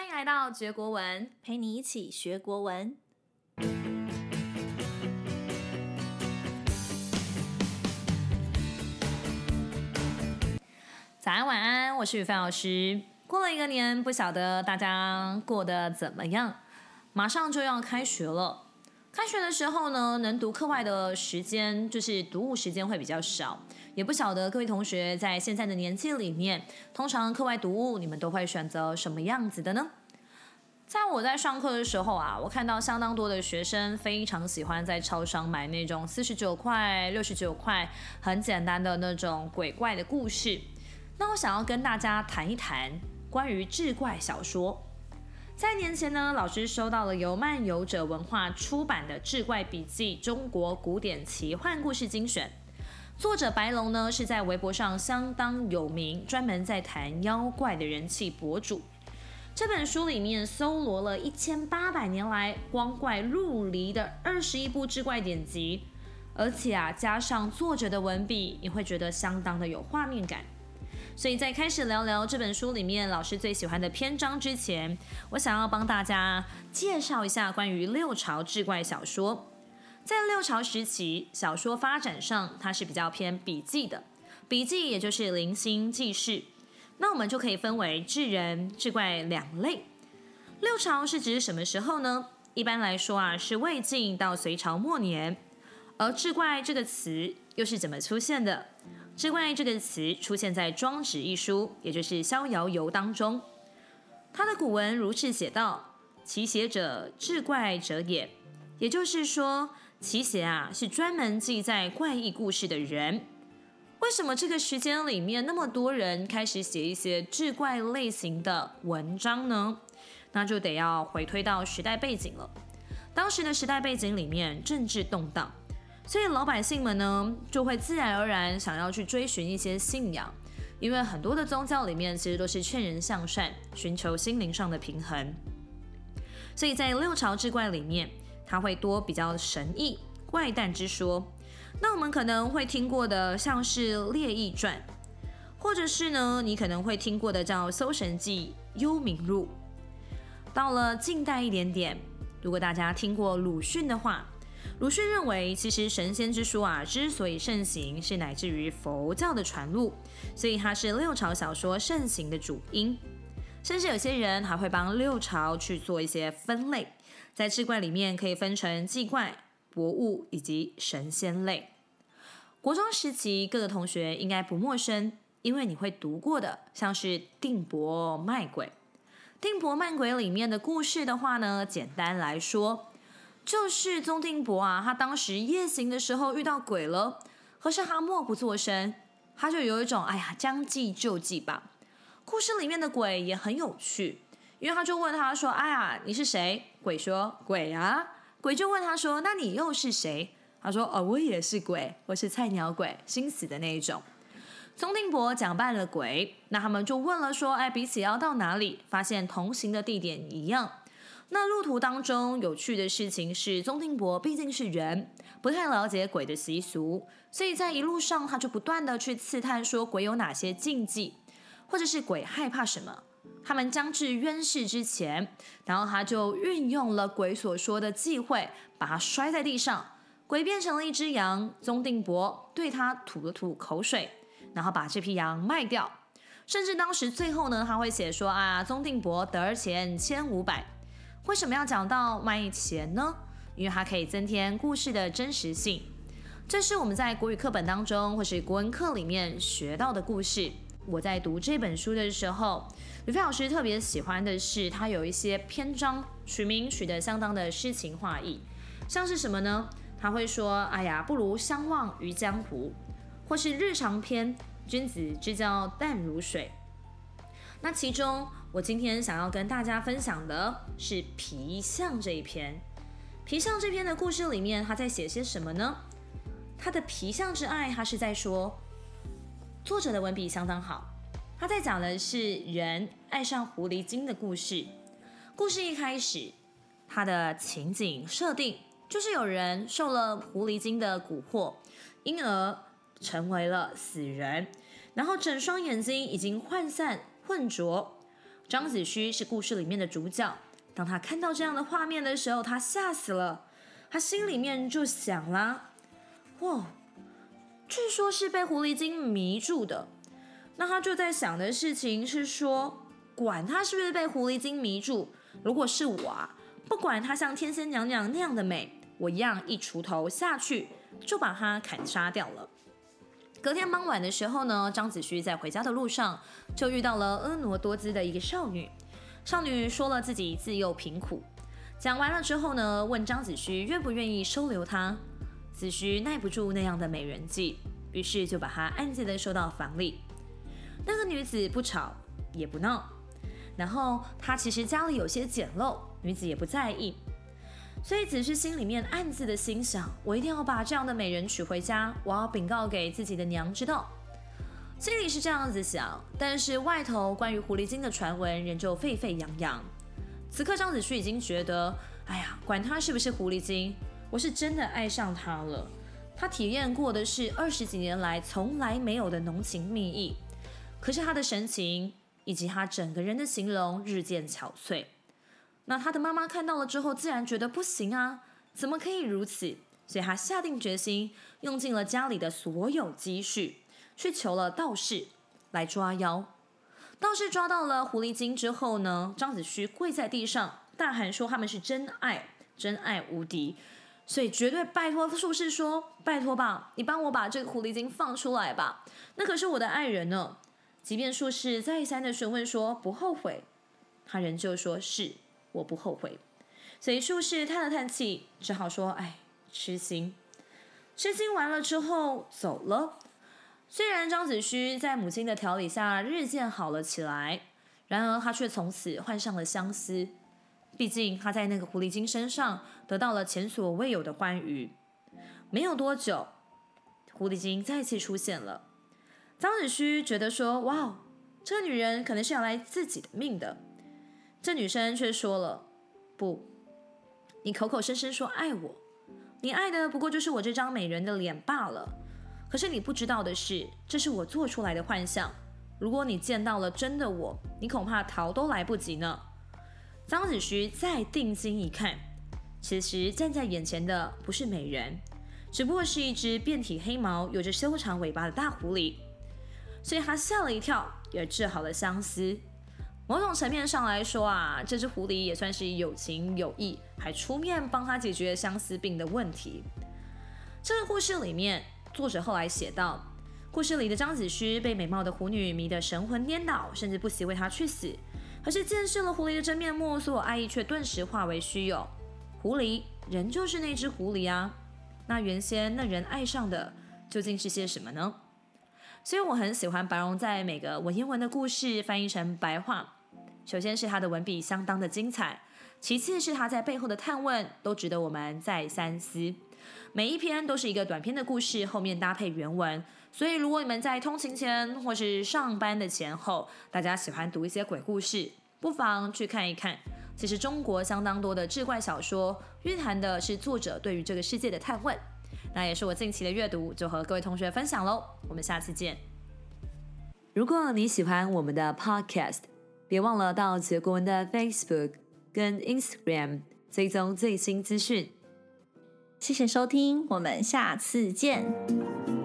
歡迎來到嚼國文，陪你一起學國文。早安晚安，我是雨帆老師。過了一個年，不曉得大家過得怎麼樣。馬上就要開學了。開學的時候呢，能讀課外的時間就是讀物時間會比較少，也不曉得各位同學在現在的年紀裡面，通常課外讀物你們都會選擇什麼樣子的呢？在我在上課的時候啊，我看到相當多的學生非常喜歡在超商買那種四十九塊、六十九塊，很簡單的那種鬼怪的故事。那我想要跟大家談一談關於志怪小說。三年前呢，老師收到了由漫遊者文化出版的《志怪筆記：中國古典奇幻故事精選》。作者白龍呢是在微博上相當有名，專門在談妖怪的人氣博主。這本書裡面搜羅了一千八百年來光怪陸離的二十一部志怪典籍，而且啊加上作者的文筆，你會覺得相當的有畫面感。所以在開始聊聊這本書裡面老師最喜歡的篇章之前，我想要幫大家介紹一下關於六朝志怪小說。在六朝時期，小說發展上它是比較偏筆記的，筆記也就是零星記事。那我們就可以分為志人、志怪兩類。六朝是指什麼時候呢？一般來說啊是魏晉到隋朝末年。而志怪這個詞又是怎麼出現的？“志怪”這個詞出現在《莊子》一書，也就是《逍遙遊》當中。他的古文如是寫道：“齊諧者，志怪者也。”也就是說，齊諧啊是專門記載怪異故事的人。為什麼這個時間裡面那麼多人開始寫一些志怪類型的文章呢？那就得要回推到時代背景了。當時的時代背景裡面，政治動盪。所以老百姓們呢，就會自然而然想要去追尋一些信仰，因為很多的宗教裡面其實都是勸人向善，尋求心靈上的平衡。所以在六朝志怪裡面，它會多比較神異怪誕之說。那我們可能會聽過的，像是《列異傳》，或者是呢，你可能會聽過的叫《搜神記》《幽明錄》。到了近代一點點，如果大家聽過魯迅的話。魯迅認為，其實神仙之書啊，之所以盛行，是乃至於佛教的傳入，所以它是六朝小說盛行的主因。甚至有些人還會幫六朝去做一些分類，在志怪裡面可以分成記怪、博物以及神仙類。國中時期，各個同學應該不陌生，因為你會讀過的，像是定伯賣《定伯賣鬼》。《定伯賣鬼》裡面的故事的話呢，簡單來說。就是宋定伯啊，他當時夜行的時候遇到鬼了，可是他默不作聲，他就有一種哎呀，將計就計吧。故事裡面的鬼也很有趣，因為他就問他說：“哎呀，你是誰？”鬼說：“鬼啊。”鬼就問他說：“那你又是誰？”他說：“哦，我也是鬼，我是菜鳥鬼，新死的那一種。”宋定伯講敗了鬼，那他們就問了說：“哎，彼此要到哪裡？”發現同行的地點一樣。那路途當中有趣的事情是，宗定伯畢竟是人，不太了解鬼的習俗，所以在一路上他就不斷的去刺探，說鬼有哪些禁忌，或者是鬼害怕什麼。他們將至冤市之前，然後他就運用了鬼所說的忌諱，把他摔在地上，鬼變成了一隻羊，宗定伯對他吐了吐口水，然後把這批羊賣掉。甚至當時最後呢，他會寫說啊，宗定伯得錢千五百。為什麼要講到賣錢呢？因為它可以增添故事的真實性。這是我們在國語課本當中，或是國文課裡面學到的故事。我在讀這本書的時候，呂飛老師特別喜歡的是，他有一些篇章取名取得相當的詩情畫意，像是什麼呢？他會說：“哎呀，不如相忘於江湖。”或是日常篇“君子之交淡如水”。那其中。我今天想要跟大家分享的是《皮相》這一篇。《皮相》這篇的故事裡面，他在寫些什麼呢？他的《皮相之愛》，他是在說作者的文筆相當好。他在講的是人愛上狐狸精的故事。故事一開始，他的情景設定就是有人受了狐狸精的蠱惑，因而成為了死人，然後整雙眼睛已經渙散、渾濁。張子虛是故事裡面的主角，當他看到這樣的畫面的時候，他嚇死了。他心裡面就想了：哇，據說是被狐狸精迷住的。那他就在想的事情是說，管他是不是被狐狸精迷住，如果是我，啊，不管他像天仙娘娘那樣的美，我一樣一鋤頭下去就把他砍殺掉了。隔天傍晚的時候呢，張子虛在回家的路上就遇到了婀娜多姿的一個少女。少女說了自己自幼貧苦，講完了之後呢，問張子虛願不願意收留她。子虛耐不住那樣的美人計，於是就把她安靜地收到房裡。那個女子不吵也不鬧，然後她其實家裡有些簡陋，女子也不在意。所以，只是心裡面暗自的心想：“我一定要把這樣的美人娶回家，我要稟告給自己的娘知道。”心裡是這樣子想，但是外頭關於狐狸精的傳聞仍舊沸沸揚揚。此刻，張子虛已經覺得：“哎呀，管他是不是狐狸精，我是真的愛上他了。”他體驗過的是二十幾年來從來沒有的濃情蜜意。可是，他的神情以及他整個人的形容日漸憔悴。那他的媽媽看到了之後，自然覺得不行啊，怎麼可以如此？所以他下定決心，用盡了家裡的所有積蓄，去求了道士來抓妖。道士抓到了狐狸精之後呢，張子虛跪在地上大喊說：“他們是真愛，真愛無敵，所以絕對拜托術士說拜托吧，你幫我把這個狐狸精放出來吧，那可是我的愛人呢。”即便術士再三的詢問說不後悔，他仍舊說是。我不後悔，所以術士嘆了嘆氣，只好說：“哎，痴心，痴心。”完了之後走了。雖然張子虛在母親的調理下日漸好了起來，然而他卻從此患上了相思。畢竟他在那個狐狸精身上得到了前所未有的歡愉。沒有多久，狐狸精再次出現了。張子虛覺得說：“哇哦，這個女人可能是要來自己的命的。”這女生卻說了：“不，你口口聲聲說愛我，你愛的不過就是我這張美人的臉罷了。可是你不知道的是，這是我做出來的幻想。如果你見到了真的我，你恐怕逃都來不及呢。”張子虛再定睛一看，此時站在眼前的不是美人，只不過是一隻遍體黑毛、有着修長尾巴的大狐狸，所以他嚇了一跳，也治好了相思。某種層面上來說啊，這隻狐狸也算是有情有義，還出面幫他解決相思病的問題。這個故事裡面，作者後來寫道：故事裡的張子虛被美貌的狐女迷得神魂顛倒，甚至不惜為她去死。可是見識了狐狸的真面目，所有愛意卻頓時化為虛有。狐狸，人就是那隻狐狸啊。那原先那人愛上的究竟是些什麼呢？所以我很喜歡白龍在每個文言文的故事翻譯成白話。首先是他的文筆相當的精彩，其次是他在背後的探問都值得我們再三思。每一篇都是一個短篇的故事，後面搭配原文，所以如果你們在通勤前或是上班的前後，大家喜歡讀一些鬼故事，不妨去看一看。其實中國相當多的志怪小說蘊含的是作者對於這個世界的探問，那也是我近期的閱讀，就和各位同學分享嘍。我們下次見。如果你喜歡我們的 Podcast。別忘了到嚼國文的 Facebook 跟 Instagram 追蹤最新資訊。謝謝收聽，我們下次見。